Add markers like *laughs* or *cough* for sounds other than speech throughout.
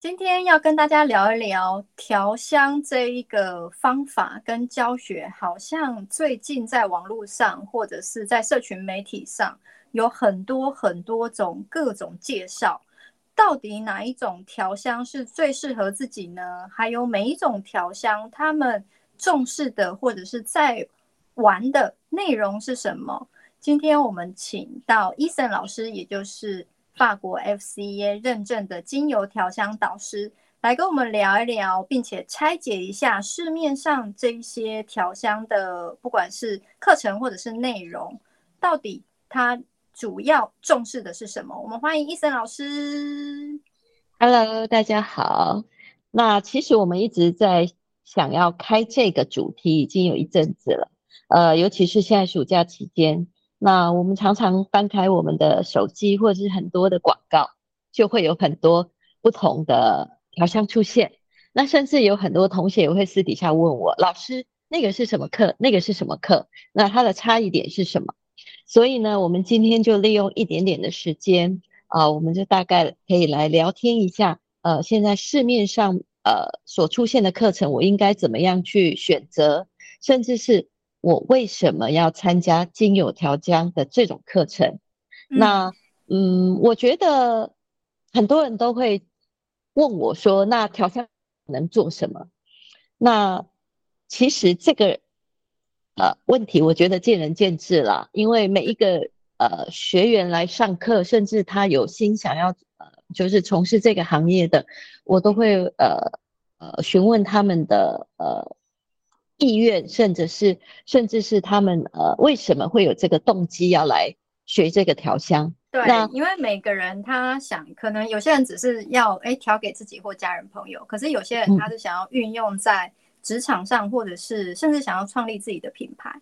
今天要跟大家聊一聊調香這一個方法跟教學，好像最近在網絡上或者是在社群媒體上有很多很多種各種介紹，到底哪一種調香是最適合自己呢？還有每一種調香他們重視的或者是在玩的內容是什麼？今天我們請到 Eason 老師，也就是。法國 FCA 認證的精油調香導師來跟我們聊一聊，並且拆解一下市面上這些調香的，不管是課程或者是內容，到底他主要重視的是什麼？我們歡迎 Eason 老師。Hello，大家好。那其實我們一直在想要開這個主題，已經有一陣子了。呃，尤其是現在暑假期間。那我們常常翻開我們的手機，或者是很多的廣告，就會有很多不同的調香出現。那甚至有很多同學也會私底下問我：“老師，那個是什麼課？那個是什麼課？那它的差異點是什麼？”所以呢，我們今天就利用一點點的時間啊，呃，我們就大概可以來聊天一下。呃，現在市面上呃所出現的課程，我應該怎麼樣去選擇，甚至是。我為什麼要參加精油調香的這種課程？嗯，那嗯，我覺得很多人都會問我說：“那調香能做什麼？”那其實這個呃問題，我覺得見仁見智了。因為每一個呃學員來上課，甚至他有心想要呃就是從事這個行業的，我都會呃呃詢問他們的呃。意願，甚至是甚至是他們，呃，為什麼會有這個動機要來學這個調香？對，那因為每個人他想，可能有些人只是要誒調、欸、給自己或家人朋友，可是有些人他是想要運用在職場上、嗯，或者是甚至想要創立自己的品牌。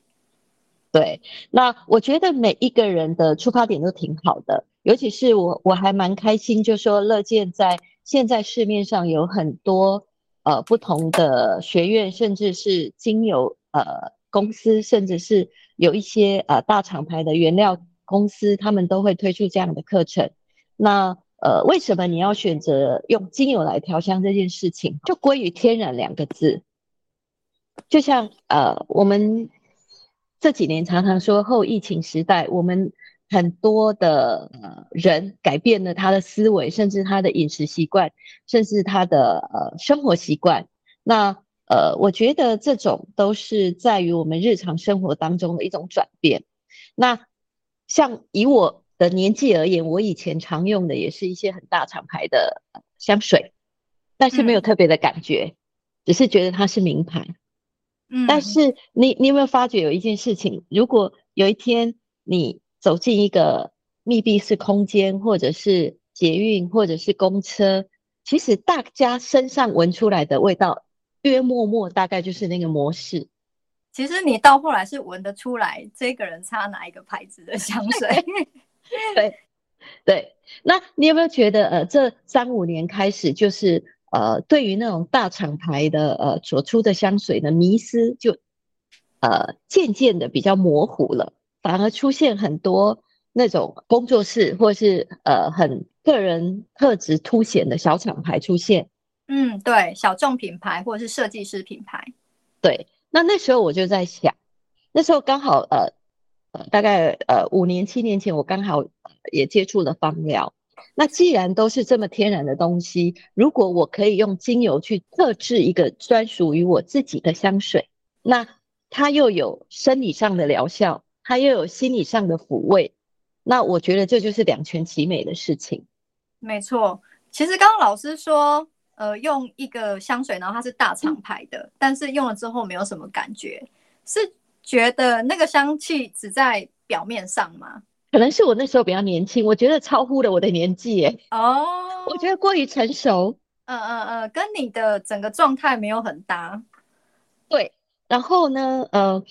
對，那我覺得每一個人的出發點都挺好的，尤其是我，我還蠻開心，就說樂見在現在市面上有很多。呃，不同的學院，甚至是精油呃公司，甚至是有一些呃大廠牌的原料公司，他們都會推出這樣的課程。那呃，為什麼你要選擇用精油來調香這件事情？就歸於“天然”兩個字。就像呃，我們這幾年常常說後疫情時代，我們。很多的呃人改變了他的思維，甚至他的飲食習慣，甚至他的呃生活習慣。那呃，我覺得這種都是在於我們日常生活當中的一種轉變。那像以我的年紀而言，我以前常用的也是一些很大廠牌的香水，但是沒有特別的感覺，嗯，只是覺得它是名牌。嗯，但是你你有沒有發覺有一件事情？如果有一天你走進一個密閉式空間，或者是捷運，或者是公車，其實大家身上聞出來的味道，約莫莫大概就是那個模式。其實你到後來是聞得出來這個人擦哪一個牌子的香水。 *laughs* *laughs* 對。對對，那你有沒有覺得呃，這三五年開始就是呃，對於那種大廠牌的呃所出的香水的迷思就呃漸漸的比較模糊了。反而出現很多那種工作室，或是呃很個人特質凸顯的小廠牌出現。嗯，對，小眾品牌或者是設計師品牌。對，那那時候我就在想，那時候剛好呃，呃大概呃五年七年前，我剛好也接觸了芳療。那既然都是這麼天然的東西，如果我可以用精油去特制一個專屬於我自己的香水，那它又有生理上的療效。它又有心理上的撫慰，那我覺得這就是兩全其美的事情。沒錯，其實剛剛老師說，呃，用一個香水，然後它是大廠牌的、嗯，但是用了之後沒有什麼感覺，是覺得那個香氣只在表面上嗎？可能是我那時候比較年輕，我覺得超乎了我的年紀，誒，哦，我覺得過於成熟，嗯嗯嗯，跟你的整個狀態沒有很搭。對，然後呢，呃。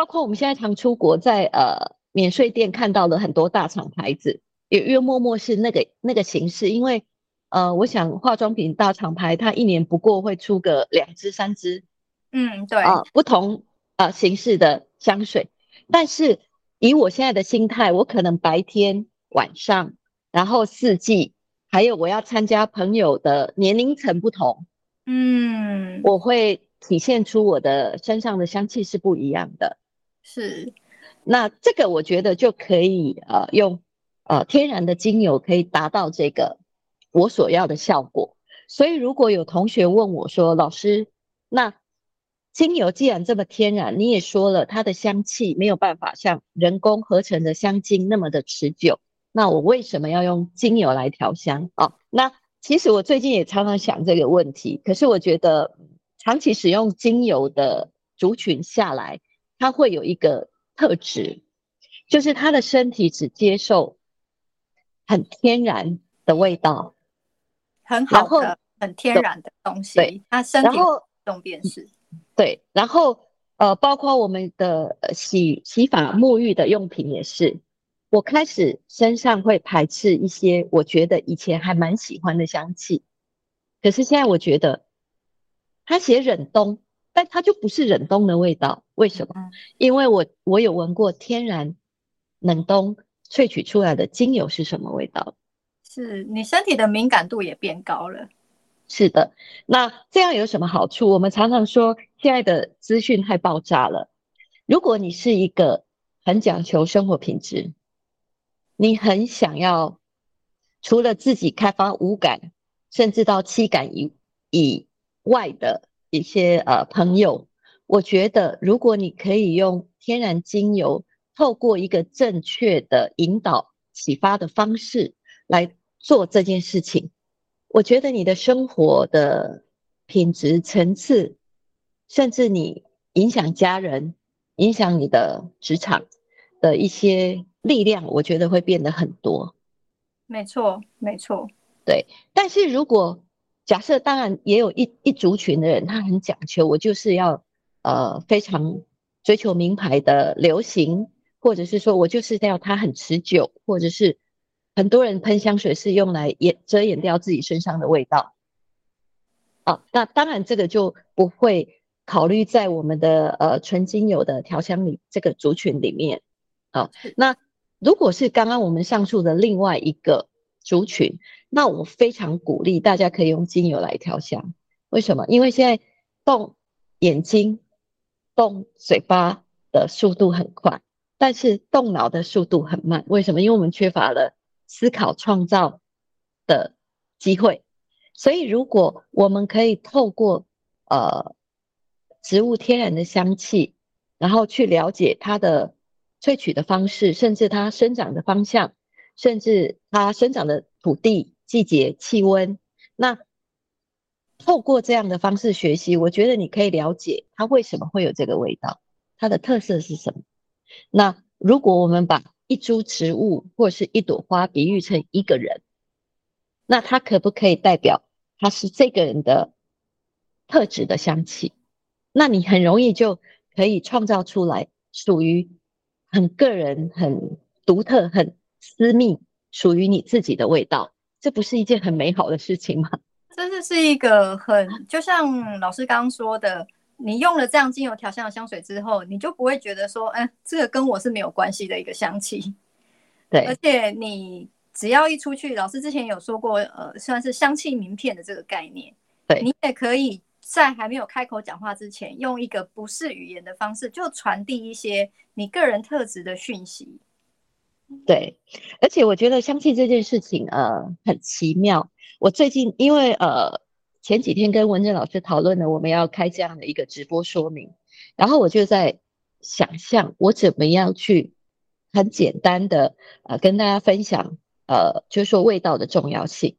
包括我們現在常出國在，在呃免稅店看到了很多大廠牌子，也因默陌陌是那個那個形式，因為呃，我想化妝品大廠牌它一年不過會出個兩支三支，嗯，對，呃，不同呃形式的香水。但是以我現在的心態，我可能白天、晚上，然後四季，還有我要參加朋友的年齡層不同，嗯，我會體現出我的身上的香氣是不一樣的。是，那這個我覺得就可以呃用呃天然的精油，可以達到這個我所要的效果。所以如果有同學問我說，老師，那精油既然這麼天然，你也說了它的香氣沒有辦法像人工合成的香精那麼的持久，那我為什麼要用精油來調香啊？那其實我最近也常常想這個問題，可是我覺得長期使用精油的族群下來。他會有一個特質，就是他的身體只接受很天然的味道，很好的、很天然的東西。對，他身體自動辨識。對，然後呃，包括我們的洗洗髮、沐浴的用品也是。我開始身上會排斥一些我覺得以前還蠻喜歡的香氣，可是現在我覺得他寫忍冬。但它就不是忍冬的味道，為什麼？嗯、因為我我有聞過天然忍冬萃取出來的精油是什麼味道？是你身體的敏感度也變高了。是的，那這樣有什麼好處？我們常常說現在的資訊太爆炸了。如果你是一個很講求生活品質，你很想要除了自己開發五感，甚至到七感以以外的。一些呃朋友，我覺得如果你可以用天然精油，透過一個正確的引導啟發的方式來做這件事情，我覺得你的生活的品質層次，甚至你影響家人、影響你的職場的一些力量，我覺得會變得很多。沒錯，沒錯，對。但是如果假設當然也有一一族群的人，他很講究，我就是要，呃，非常追求名牌的流行，或者是說我就是要它很持久，或者是很多人噴香水是用來掩遮掩掉自己身上的味道。啊，那當然這個就不會考慮在我們的呃純精油的調香裡這個族群裡面。啊，那如果是剛剛我們上述的另外一個族群。那我非常鼓勵大家可以用精油來調香。為什麼？因為現在動眼睛、動嘴巴的速度很快，但是動腦的速度很慢。為什麼？因為我們缺乏了思考創造的機會。所以，如果我們可以透過呃植物天然的香氣，然後去了解它的萃取的方式，甚至它生長的方向，甚至它生長的土地。季節、氣溫，那透過這樣的方式學習，我覺得你可以了解它為什麼會有這個味道，它的特色是什麼。那如果我們把一株植物或是一朵花比喻成一個人，那它可不可以代表它是這個人的特質的香氣？那你很容易就可以創造出來屬於很個人、很獨特、很私密，屬於你自己的味道。這不是一件很美好的事情嗎？真的是一個很，就像老師剛剛說的，你用了這樣精油調香的香水之後，你就不會覺得說，嗯、呃，這個跟我是沒有關係的一個香氣。對，而且你只要一出去，老師之前有說過，呃，算是香氣名片的這個概念。對，你也可以在還沒有開口講話之前，用一個不是語言的方式，就傳遞一些你個人特質的訊息。對，而且我覺得香氣這件事情，呃，很奇妙。我最近因為呃前幾天跟文正老師討論了，我們要開這樣的一個直播說明，然後我就在想象我怎麼樣去很簡單的呃跟大家分享，呃，就是說味道的重要性。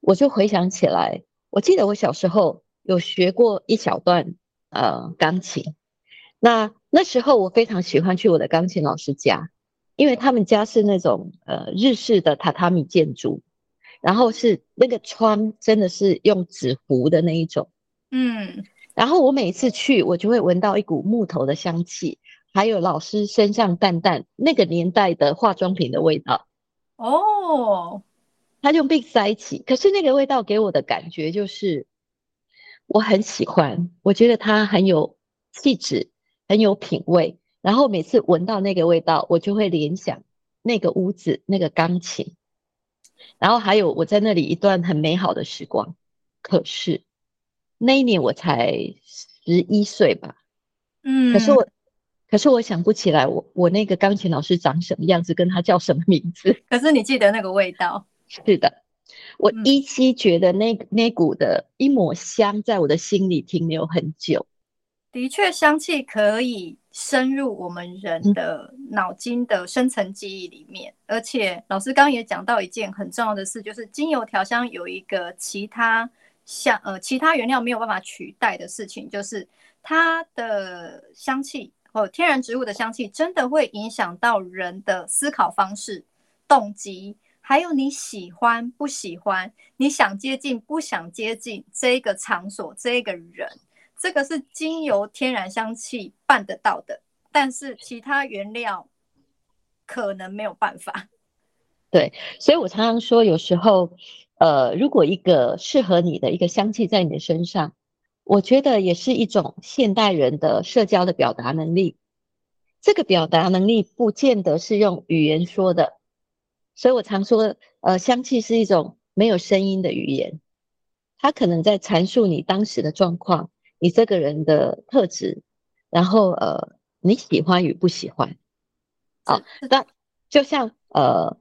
我就回想起來，我記得我小時候有學過一小段呃鋼琴，那那時候我非常喜歡去我的鋼琴老師家。因為他們家是那種呃日式的榻榻米建築，然後是那個窗真的是用紙糊的那一種，嗯，然後我每次去我就會聞到一股木頭的香氣，還有老師身上淡淡那個年代的化妝品的味道。哦，他就被塞起，可是那個味道給我的感覺就是我很喜歡，我覺得他很有氣質，很有品味。然後每次聞到那個味道，我就會聯想那個屋子、那個鋼琴，然後還有我在那裡一段很美好的時光。可是那一年我才十一歲吧，嗯，可是我，可是我想不起來我，我我那個鋼琴老師長什麼樣子，跟他叫什麼名字。可是你記得那個味道？是的，我依稀覺得那、嗯、那股的一抹香在我的心裡停留很久。的確，香氣可以。深入我們人的腦筋的深層記憶裡面，而且老師剛剛也講到一件很重要的事，就是精油調香有一個其他像呃其他原料沒有辦法取代的事情，就是它的香氣或、呃、天然植物的香氣，真的會影響到人的思考方式、動機，還有你喜歡不喜歡、你想接近不想接近這個場所、這個人。這個是精油天然香氣辦得到的，但是其他原料可能沒有辦法。對，所以我常常說，有時候，呃，如果一個適合你的一個香氣在你的身上，我覺得也是一種現代人的社交的表達能力。這個表達能力不見得是用語言說的，所以我常說，呃，香氣是一種沒有聲音的語言，它可能在闡述你當時的狀況。你這個人的特質，然後呃，你喜歡與不喜歡，好、啊，那就像呃，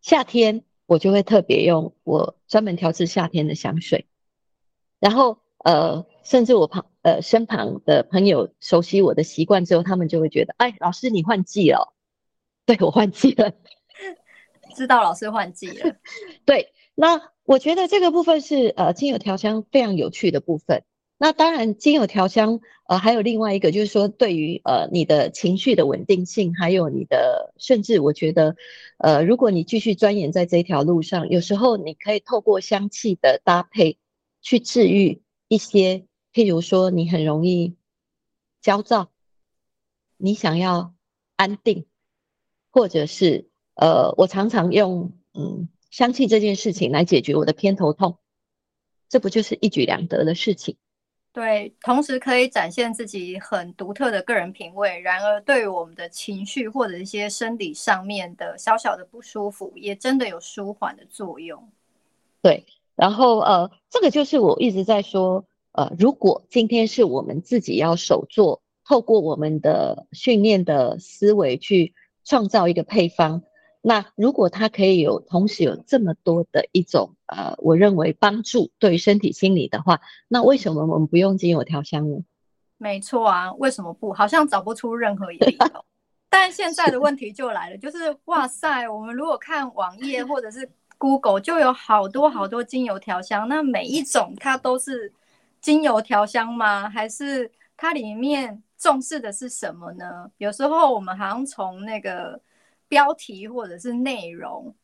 夏天我就會特別用我專門調製夏天的香水，然後呃，甚至我旁呃身旁的朋友熟悉我的習慣之後，他們就會覺得，哎、欸，老師你換季了，對我換季了，知道老師換季了， *laughs* 對，那我覺得這個部分是呃，精油調香非常有趣的部分。那當然，精油調香，呃，還有另外一個，就是說對於，對於呃你的情緒的穩定性，還有你的，甚至我覺得，呃，如果你繼續鑽研在這條路上，有時候你可以透過香氣的搭配去治癒一些，譬如說你很容易焦躁，你想要安定，或者是呃，我常常用嗯香氣這件事情來解決我的偏頭痛，這不就是一舉兩得的事情？對，同時可以展現自己很獨特的個人品味。然而，對於我們的情緒或者一些生理上面的小小的不舒服，也真的有舒緩的作用。對，然後呃，這個就是我一直在說，呃，如果今天是我們自己要手做，透過我們的訓練的思維去創造一個配方。那如果它可以有同時有這麼多的一種呃，我認為幫助對身體心理的話，那為什麼我們不用精油調香呢？沒錯啊，為什麼不？好像找不出任何理由喔。 *laughs* 但現在的問題就來了，是。就是哇塞，我們如果看網頁或者是 Google， *laughs* 就有好多好多精油調香，那每一種它都是精油調香嗎？還是它裡面重視的是什麼呢？有時候我們好像從那個。標題或者是內容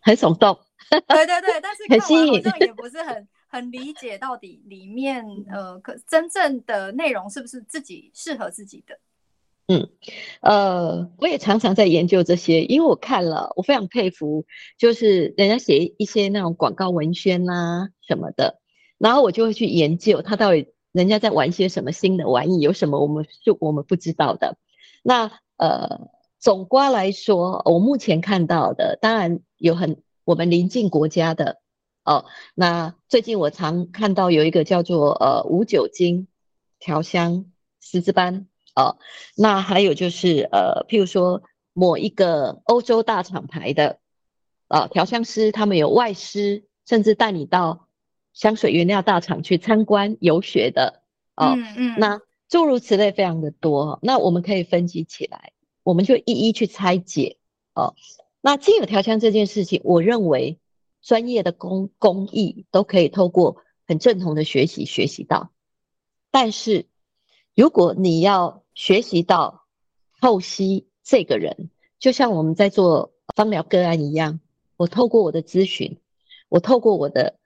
很聳動，對對對， *laughs* 但是可惜，之也不是很 *laughs* 很理解到底裡面呃，可真正的內容是不是自己適合自己的？嗯，呃嗯，我也常常在研究這些，因為我看了，我非常佩服，就是人家寫一些那種廣告文宣啊什麼的，然後我就會去研究他到底人家在玩些什麼新的玩意，有什麼我們是我們不知道的。那呃。總括來說，我目前看到的，當然有很我們鄰近國家的哦、呃。那最近我常看到有一個叫做呃無酒精調香師資班哦，那還有就是呃，譬如說某一個歐洲大廠牌的呃調香師，他們有外師，甚至帶你到香水原料大廠去參觀遊學的哦、呃。嗯嗯。那、呃、諸如此類非常的多，那我們可以分析起來。我們就一一去拆解哦。那精油調香這件事情，我認為專業的工工藝都可以透過很正統的學習學習到。但是，如果你要學習到透析這個人，就像我們在做芳療個案一樣，我透過我的諮詢，我透過我的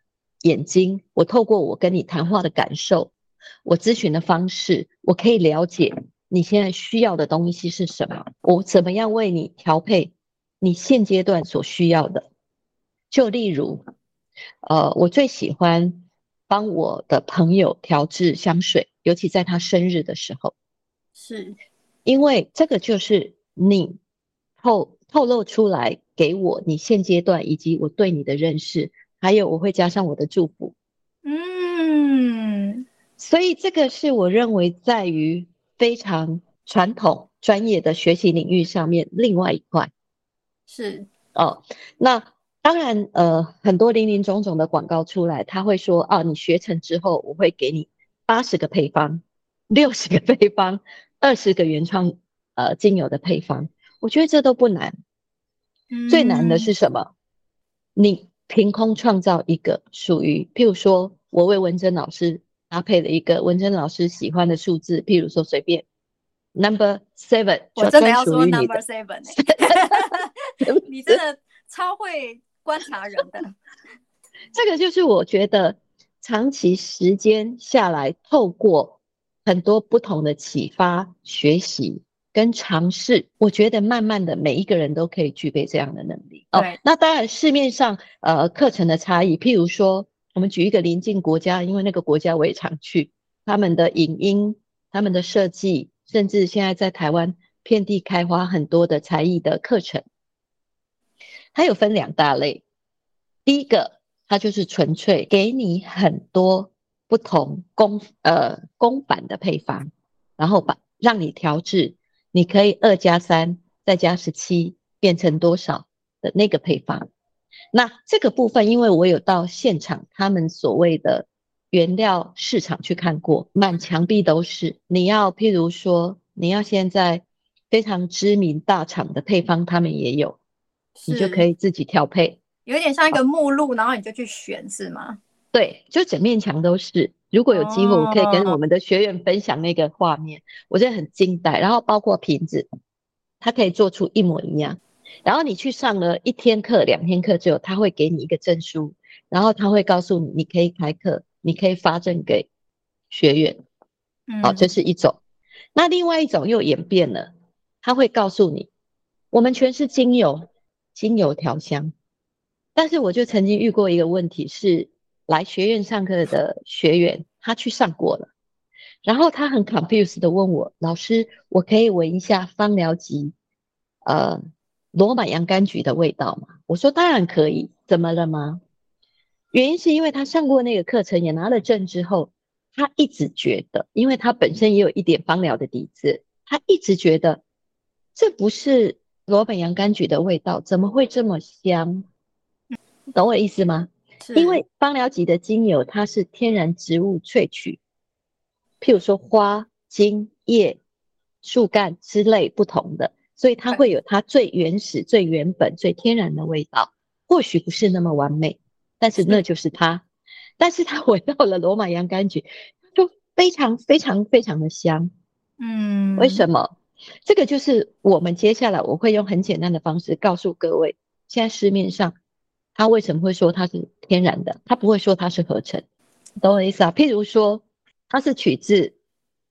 眼睛，我透過我跟你談話的感受，我諮詢的方式，我可以了解。你現在需要的東西是什麼？我怎麼樣為你調配你現階段所需要的？就例如，呃，我最喜歡幫我的朋友調製香水，尤其在他生日的時候，是，因為這個就是你透透露出來給我你現階段以及我對你的認識，還有我會加上我的祝福。嗯，所以這個是我認為在於。非常傳統專業的學習領域上面，另外一塊是哦，那當然呃，很多林林總總的廣告出來，他會說啊，你學成之後，我會給你八十個配方、六十個配方、二十個原創呃精油的配方。我覺得這都不難，嗯、最難的是什麼？你憑空創造一個屬於，譬如說我為文珍老師。搭配了一個文珍老師喜歡的數字，譬如說隨便，Number Seven。我真的要說的 Number Seven， *laughs* *laughs* 你真的超會觀察人的。 *laughs* 這個就是我覺得長期時間下來，透過很多不同的啟發、學習跟嘗試，我覺得慢慢的每一個人都可以具備這樣的能力。對。Oh, 那當然市面上呃課程的差異，譬如說。我們舉一個臨近國家，因為那個國家我也常去，他們的影音、他們的設計，甚至現在在台灣遍地開花很多的才藝的課程，它有分兩大類。第一個，它就是純粹給你很多不同工呃公版的配方，然後把讓你調製，你可以二加三再加十七變成多少的那個配方。那這個部分，因為我有到現場，他們所謂的原料市場去看過，滿牆壁都是。你要譬如說，你要現在非常知名大廠的配方，他們也有，你就可以自己調配。有點像一個目錄，然後你就去選，是嗎？對，就整面牆都是。如果有機會，我可以跟我們的學員分享那個畫面，oh. 我覺得很驚呆。然後包括瓶子，它可以做出一模一樣。然後你去上了一天課、兩天課之後，他會給你一個證書，然後他會告訴你，你可以開課，你可以發證給學員。好、嗯哦，這是一種。那另外一種又演變了，他會告訴你，我們全是精油、精油調香。但是我就曾經遇過一個問題，是來學院上課的學員，他去上過了，然後他很 confused 的問我，老師，我可以聞一下芳療級，呃。羅馬洋甘菊的味道嗎？我說當然可以，怎麼了嗎？原因是因為他上過那個課程，也拿了證之後，他一直覺得，因為他本身也有一點芳療的底子，他一直覺得這不是羅馬洋甘菊的味道，怎麼會這麼香？懂我意思嗎？是，因為芳療級的精油它是天然植物萃取，譬如說花、莖、葉、樹幹之類不同的。所以它會有它最原始、最原本、最天然的味道，或許不是那麼完美，但是那就是它。是。但是它聞到了羅馬洋甘菊，就非常非常非常的香。嗯，為什麼？這個就是我們接下來我會用很簡單的方式告訴各位，現在市面上它為什麼會說它是天然的，它不會說它是合成，懂我意思啊？譬如說，它是取自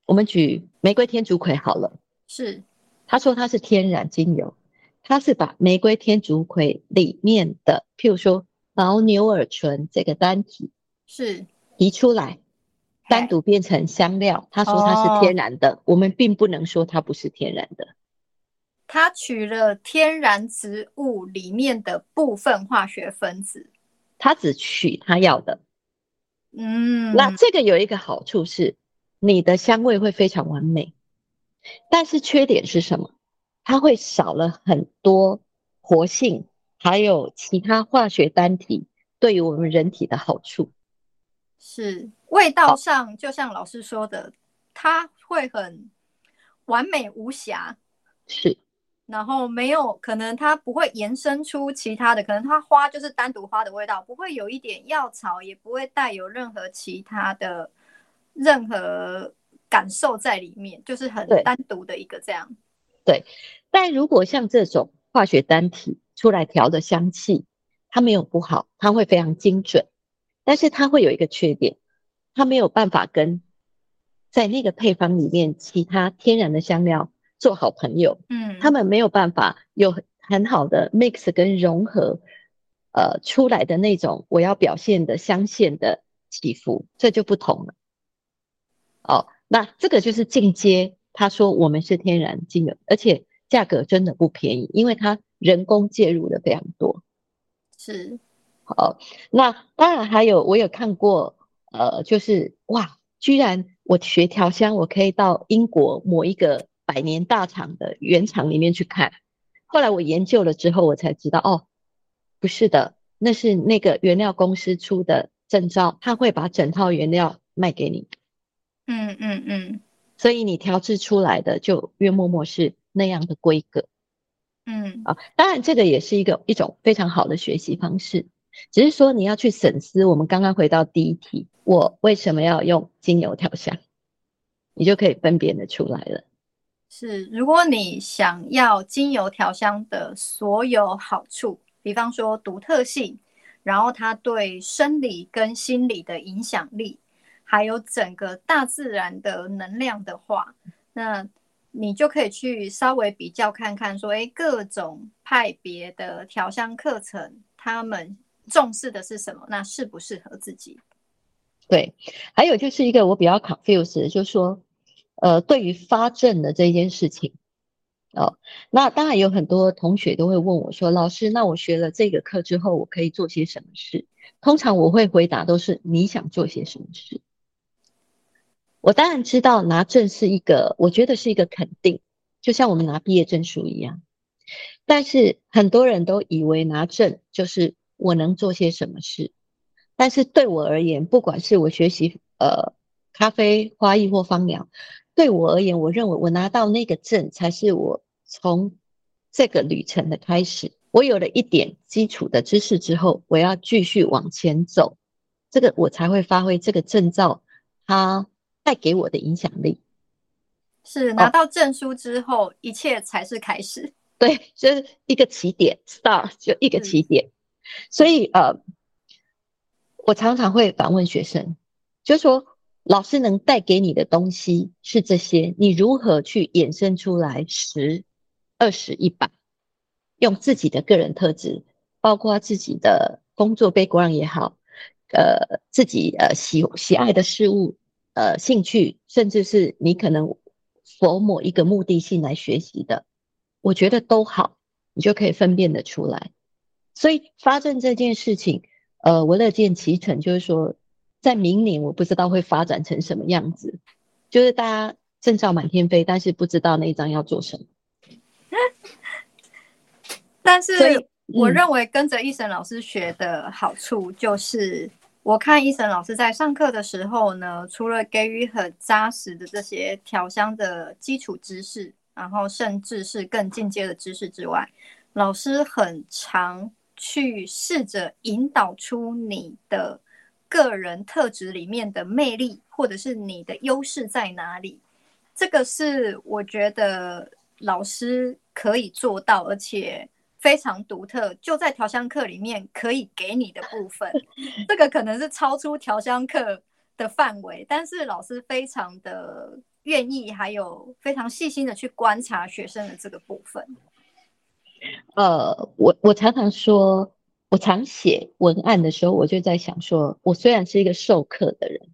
我們取玫瑰天竺葵好了，是。他說他是天然精油，他是把玫瑰、天竺葵裡面的，譬如說牻牛兒醇這個單體是提出來，okay. 單獨變成香料。他說它是天然的，oh. 我們並不能說它不是天然的。他取了天然植物裡面的部分化學分子，他只取他要的。嗯、mm.，那這個有一個好處是，你的香味會非常完美。但是缺點是什麼？它會少了很多活性，還有其他化學單體對於我們人體的好處。是味道上，就像老師說的，它會很完美無瑕。是，然後沒有，可能它不會延伸出其他的，可能它花就是單獨花的味道，不會有一點藥草，也不會帶有任何其他的任何。感受在裡面，就是很單獨的一個這樣對。對，但如果像這種化學單體出來調的香氣，它沒有不好，它會非常精準，但是它會有一個缺點，它沒有辦法跟在那個配方裡面其他天然的香料做好朋友。嗯，他們沒有辦法有很好的 mix 跟融合，呃，出來的那種我要表現的香線的起伏，這就不同了。哦。那這個就是進階，他說我們是天然精油，而且價格真的不便宜，因為它人工介入的非常多。是，好，那當然還有，我有看過，呃，就是哇，居然我學調香，我可以到英國某一個百年大廠的原廠裡面去看。後來我研究了之後，我才知道哦，不是的，那是那個原料公司出的證照，他會把整套原料賣給你。嗯嗯嗯，所以你調製出來的就約莫莫是那樣的規格。嗯啊，當然這個也是一個一種非常好的學習方式，只是說你要去審視。我們剛剛回到第一題，我為什麼要用精油調香？你就可以分辨得出來了。是，如果你想要精油調香的所有好處，比方說獨特性，然後它對生理跟心理的影響力。還有整個大自然的能量的話，那你就可以去稍微比較看看說，說、欸、以各種派別的調香課程，他們重視的是什麼？那適不適合自己？對，還有就是一個我比較 confused 的，就是說，呃，對於發證的這件事情，哦，那當然有很多同學都會問我說，老師，那我學了這個課之後，我可以做些什麼事？通常我會回答都是你想做些什麼事。我當然知道拿證是一個，我覺得是一個肯定，就像我們拿畢業證書一樣。但是很多人都以為拿證就是我能做些什麼事。但是對我而言，不管是我學習呃咖啡花藝或芳療，對我而言，我認為我拿到那個證才是我從這個旅程的開始。我有了一點基礎的知識之後，我要繼續往前走，這個我才會發揮這個證照它。帶給我的影響力是拿到證書之後，哦，一切才是開始。對，就是一個起點，start 就一個起點。所以，呃，我常常會反問學生，就是說，老師能帶給你的東西是這些，你如何去衍生出來十、二十、一百？用自己的個人特質，包括自己的工作背景也好，呃，自己呃喜喜愛的事物。嗯呃，興趣，甚至是你可能從某一個目的性來學習的，我覺得都好，你就可以分辨得出來。所以發證這件事情，呃，我樂見其成，就是說，在明年我不知道會發展成什麼樣子，就是大家證照滿天飛，但是不知道那一張要做什麼。 *laughs* 但是，我認為跟着 Eason 老師學的好處就是。我看 Eason 老師在上課的時候呢，除了給予很扎實的這些調香的基礎知識，然後甚至是更進階的知識之外，老師很常去試着引導出你的個人特質裡面的魅力，或者是你的優勢在哪裡。這個是我覺得老師可以做到，而且。非常獨特，就在調香課裡面可以給你的部分， *laughs* 這個可能是超出調香課的範圍，但是老師非常的願意，還有非常細心的去觀察學生的這個部分。呃，我我常常說，我常寫文案的時候，我就在想說，我雖然是一個授課的人，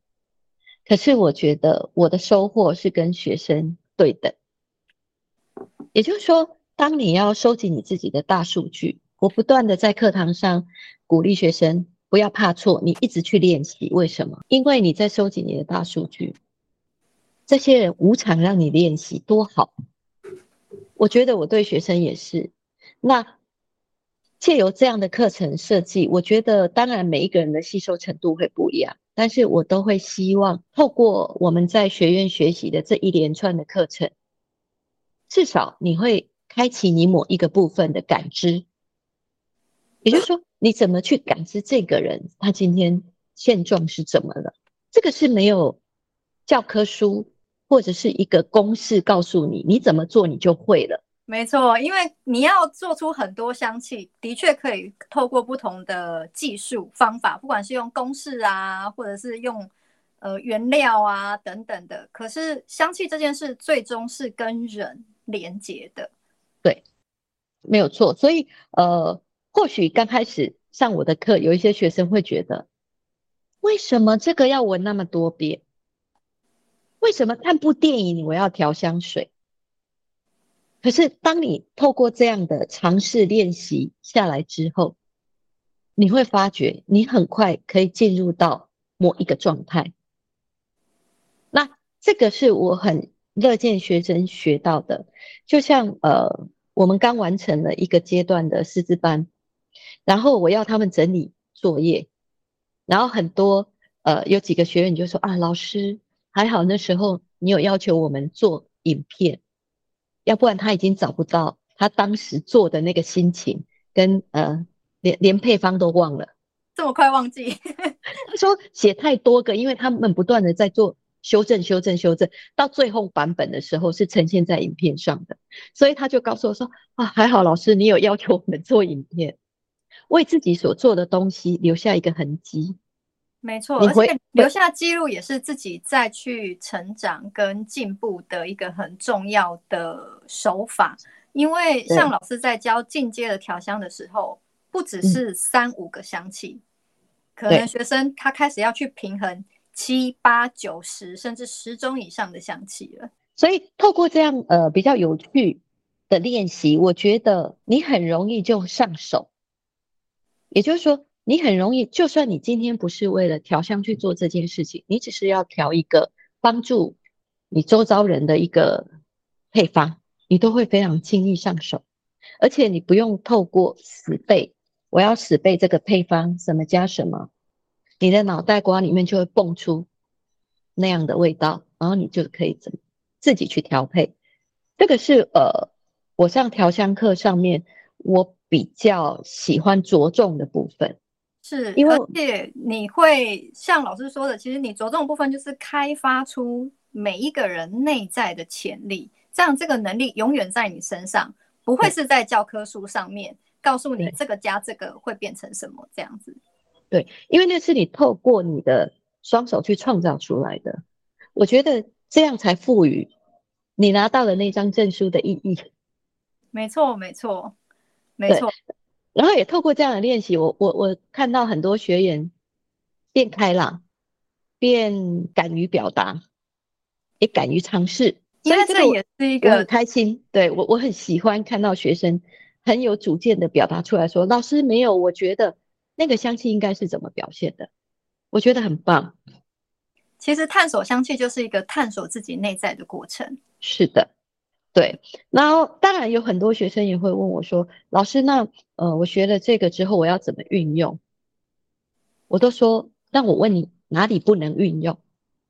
可是我覺得我的收穫是跟學生對等，也就是說。當你要收集你自己的大數據，我不斷的在課堂上鼓勵學生不要怕錯，你一直去練習。為什麼？因為你在收集你的大數據。這些人無償讓你練習，多好！我覺得我對學生也是。那借由這樣的課程設計，我覺得當然每一個人的吸收程度會不一樣，但是我都會希望透過我們在學院學習的這一連串的課程，至少你會。開啟你某一個部分的感知，也就是說，你怎麼去感知這個人，他今天現狀是怎麼了？這個是沒有教科書或者是一個公式告訴你，你怎麼做你就會了。沒錯，因為你要做出很多香氣，的確可以透過不同的技術方法，不管是用公式啊，或者是用呃原料啊等等的。可是香氣這件事，最終是跟人連結的。對，沒有錯。所以，呃，或許剛開始上我的課，有一些學生會覺得，為什麼這個要聞那麼多遍？為什麼看部電影我要調香水？可是，當你透過這樣的嘗試練習下來之後，你會發覺，你很快可以進入到某一個狀態。那這個是我很樂見學生學到的，就像呃，我們剛完成了一個階段的師資班，然後我要他們整理作業，然後很多呃，有幾個學員就說啊，老師還好那時候你有要求我們做影片，要不然他已經找不到他當時做的那個心情跟呃連連配方都忘了，這麼快忘記？ *laughs* 他說寫太多個，因為他們不斷的在做。修正、修正、修正，到最後版本的時候是呈現在影片上的，所以他就告訴我說：“啊，還好，老師你有要求我們做影片，為自己所做的東西留下一個痕跡。”沒錯，而且留下記錄也是自己再去成長跟進步的一個很重要的手法。因為像老師在教進階的調香的時候，不只是三五個香氣，嗯，可能學生他開始要去平衡。七八九十甚至十種以上的香氣了，所以透過這樣呃比較有趣的練習，我覺得你很容易就上手。也就是說，你很容易，就算你今天不是為了調香去做這件事情，你只是要調一個幫助你週遭人的一個配方，你都會非常輕易上手，而且你不用透過死背，我要死背這個配方，什麼加什麼。你的腦袋瓜裡面就會蹦出那樣的味道，然後你就可以自自己去調配。這個是呃，我上調香課上面我比較喜歡着重的部分，是因為而且你會像老師說的，其實你着重的部分就是開發出每一個人內在的潛力，這樣，這個能力永遠在你身上，不會是在教科書上面告訴你這個加這個會變成什麼這樣子。對，因為那是你透過你的雙手去創造出來的，我覺得這樣才賦予你拿到的那張證書的意義。沒錯，沒錯，沒錯。然後也透過這樣的練習，我我我看到很多學員變開朗，變敢於表達，也敢於嘗試。個所以這也是一個很開心。對我我很喜歡看到學生很有主見的表達出來說：“老師沒有，我覺得。”那個香氣應該是怎麼表現的？我覺得很棒。其實探索香氣就是一個探索自己內在的過程。是的，對。然後當然有很多學生也會問我說：“老師，那呃，我學了這個之後，我要怎麼運用？”我都說：“那我問你哪裡不能運用？”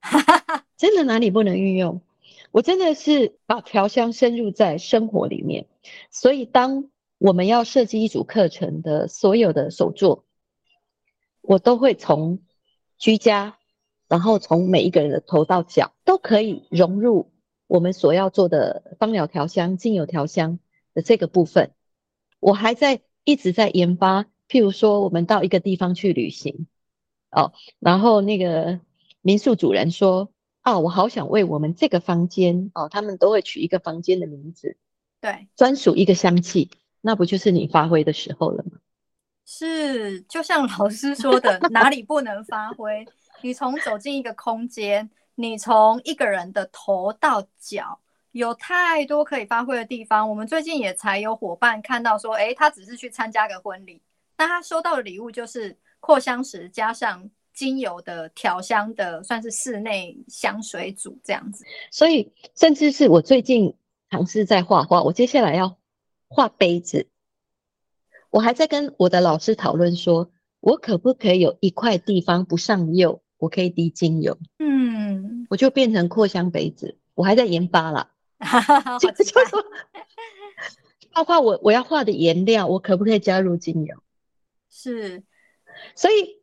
*laughs* 真的哪裡不能運用？我真的是把調香深入在生活裡面。所以當我們要設計一組課程的所有的手作。我都會從居家，然後從每一個人的頭到腳，都可以融入我們所要做的芳療調香、精油調香的這個部分。我還在一直在研發，譬如說我們到一個地方去旅行，哦，然後那個民宿主人說：“啊、哦，我好想為我們這個房間哦，他們都會取一個房間的名字，對，專屬一個香氣，那不就是你發揮的時候了嗎？”是，就像老師說的，哪裡不能發揮？ *laughs* 你從走進一個空間，你從一個人的頭到腳，有太多可以發揮的地方。我們最近也才有夥伴看到說，誒、欸、他只是去參加個婚禮，那他收到的禮物就是擴香石加上精油的調香的，算是室內香水組這樣子。所以，甚至是我最近嘗試在畫畫，我接下來要畫杯子。我還在跟我的老師討論，說我可不可以有一塊地方不上釉，我可以滴精油。嗯，我就變成擴香杯子，我還在研發啦。哈哈哈哈哈！包就括 *laughs* 我我要畫的顏料，我可不可以加入精油？是，所以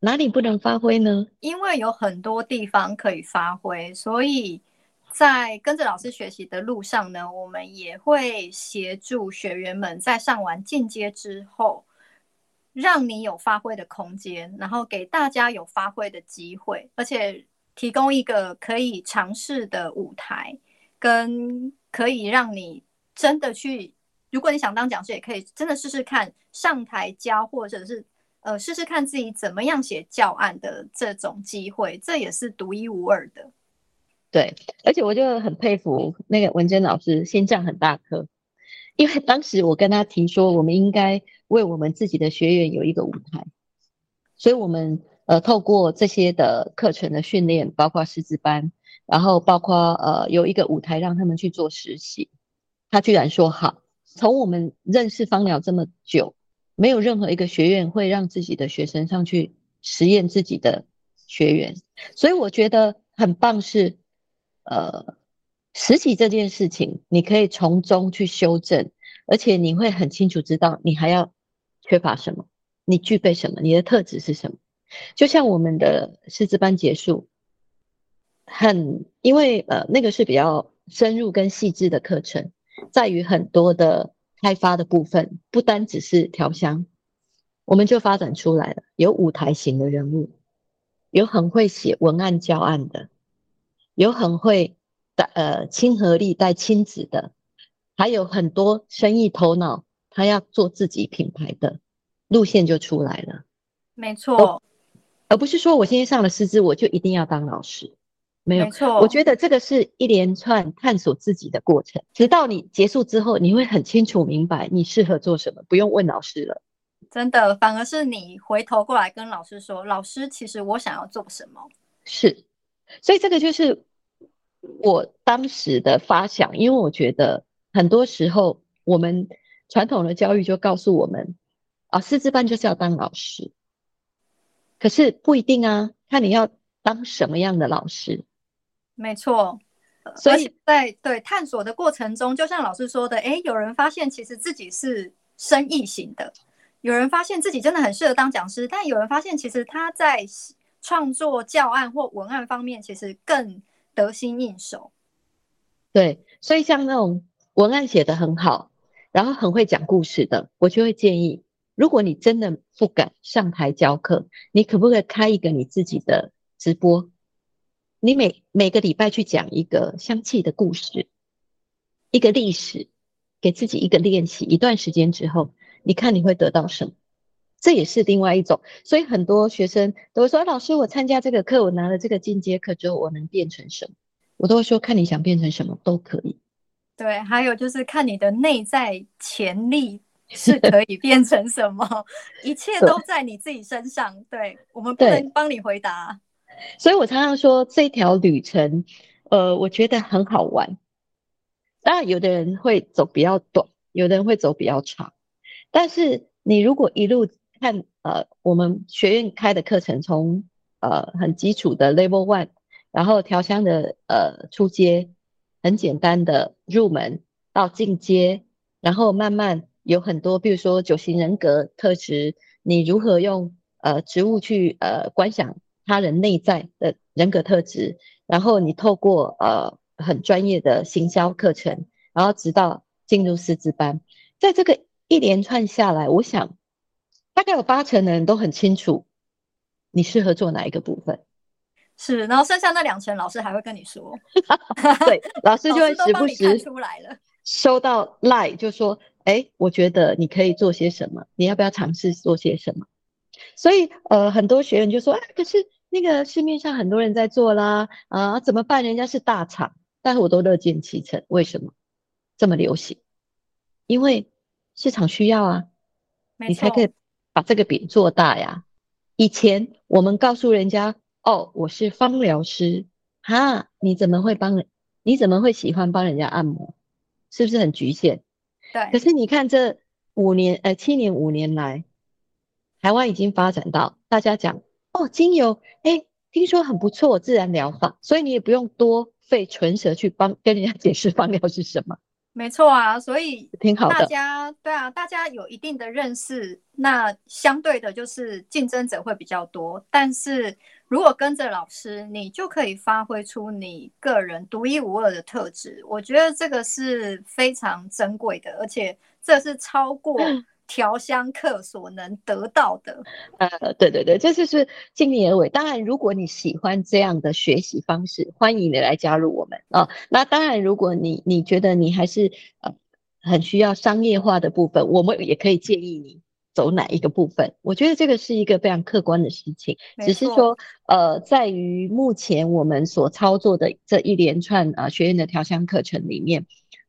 哪裡不能發揮呢？因為有很多地方可以發揮，所以。在跟着老師學習的路上呢，我們也會協助學員們在上完進階之後，讓你有發揮的空間，然後給大家有發揮的機會，而且提供一個可以嘗試的舞台，跟可以讓你真的去，如果你想當講師，也可以真的試試看上台教，或者是呃試試看自己怎麼樣寫教案的這種機會，這也是獨一無二的。對，而且我就很佩服那個文珍老師，心臟很大顆，因為當時我跟他提說，我們應該為我們自己的學員有一個舞台，所以我們呃透過這些的課程的訓練，包括師資班，然後包括呃有一個舞台讓他們去做實習，他居然說好。從我們認識芳療這麼久，沒有任何一個學院會讓自己的學生上去實驗自己的學員，所以我覺得很棒是。呃，實習這件事情，你可以從中去修正，而且你會很清楚知道你還要缺乏什麼，你具備什麼，你的特質是什麼。就像我們的師資班結束，很，因為呃那個是比較深入跟細緻的課程，在於很多的開發的部分，不單只是調香，我們就發展出來了，有舞台型的人物，有很會寫文案教案的。有很會的呃親和力帶親子的，還有很多生意頭腦，他要做自己品牌的路線就出來了。沒錯。哦，而不是說我今天上了師資，我就一定要當老師。沒有錯，我覺得這個是一連串探索自己的過程，直到你結束之後，你會很清楚明白你適合做什麼，不用問老師了。真的，反而是你回頭過來跟老師說：“老師，其實我想要做什麼？”是。所以這個就是我當時的發想，因為我覺得很多時候我們傳統的教育就告訴我們，啊，師資班就是要當老師，可是不一定啊，看你要當什麼樣的老師。沒錯，所以在對探索的過程中，就像老師說的，哎，有人發現其實自己是生意型的，有人發現自己真的很適合當講師，但有人發現其實他在。創作教案或文案方面，其實更得心應手。對，所以像那種文案寫得很好，然後很會講故事的，我就會建議，如果你真的不敢上台教課，你可不可以開一個你自己的直播？你每每個禮拜去講一個香氣的故事，一個歷史，給自己一個練習。一段時間之後，你看你會得到什麼？這也是另外一種，所以很多學生都說，啊：“老師，我參加這個課，我拿了這個進階課之後，我能變成什麼？”我都會說：“看你想變成什麼都可以。”對，還有就是看你的內在潛力是可以變成什麼， *laughs* 一切都在你自己身上。對，對，我們不能幫你回答。所以我常常說，這條旅程，呃，我覺得很好玩。當然，有的人會走比較短，有的人會走比較長，但是你如果一路。看，呃，我們學院開的課程從呃很基礎的 Level One，然後調香的呃初階，很簡單的入門到進階，然後慢慢有很多，比如說九型人格特質，你如何用呃植物去呃觀想他人內在的人格特質，然後你透過呃很專業的行銷課程，然後直到進入師資班，在這個一連串下來，我想。大概有八成的人都很清楚你適合做哪一個部分，是，然後剩下那兩成老師還會跟你說， *laughs* 啊、對，老師就會時不時收到 LINE，就說，哎、欸，我覺得你可以做些什麼，你要不要嘗試做些什麼？所以，呃，很多學員就說，哎、欸，可是那個市面上很多人在做啦，啊，怎麼辦？人家是大廠，但是我都樂見其成，為什麼這麼流行？因為市場需要啊，你才可以。把這個餅做大呀！以前我們告訴人家哦，我是芳療師哈，你怎麼會幫，你怎麼會喜歡幫人家按摩，是不是很局限？對，可是你看這五年呃七年五年來，台灣已經發展到大家講哦，精油哎、欸，聽說很不錯，自然療法，所以你也不用多費唇舌去幫跟人家解釋芳療是什麼。沒錯啊，所以大家對啊，大家有一定的認識，那相對的就是競爭者會比較多。但是如果跟着老師，你就可以發揮出你個人獨一無二的特質，我覺得這個是非常珍貴的，而且這是超過。 *laughs* 調香課所能得到的，呃，對對對，這就是盡力而為。當然，如果你喜歡這樣的學習方式，歡迎你來加入我們啊、哦。那當然，如果你你覺得你還是呃很需要商業化的部分，我們也可以建議你走哪一個部分。我覺得這個是一個非常客觀的事情，只是說，呃，在於目前我們所操作的這一連串呃學院的調香課程裡面。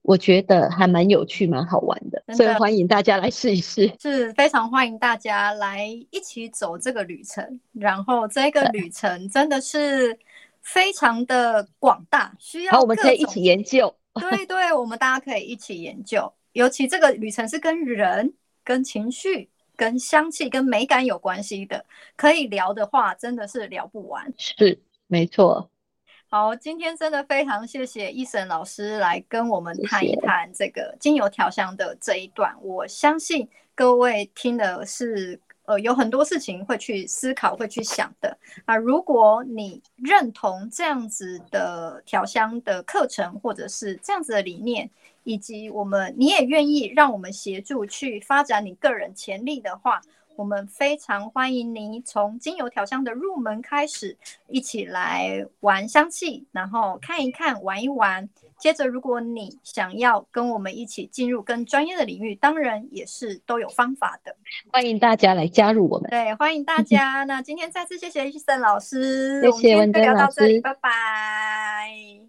我覺得還蠻有趣，蠻好玩的，的，所以歡迎大家來試一試。是非常歡迎大家來一起走這個旅程，然後這個旅程真的是非常的廣大，需要。好，我們可以一起研究。對對，我們大家可以一起研究。 *laughs* 尤其這個旅程是跟人、跟情緒、跟香氣、跟美感有關係的，可以聊的話，真的是聊不完。是，沒錯。好，今天真的非常謝謝 Eason 老師來跟我們談一談這個精油調香的這一段，謝謝。我相信各位聽的是，呃，有很多事情會去思考、會去想的。啊、呃，如果你認同這樣子的調香的課程，或者是這樣子的理念，以及我們你也願意讓我們協助去發展你個人潛力的話。我們非常歡迎您從精油調香的入門開始，一起來玩香氣，然後看一看、玩一玩。接着，如果你想要跟我們一起進入更專業的領域，當然也是都有方法的。歡迎大家來加入我們。對，歡迎大家。 *laughs* 那今天再次謝謝 Eason 老師，謝謝文德老師。我們就聊到這裡，拜拜。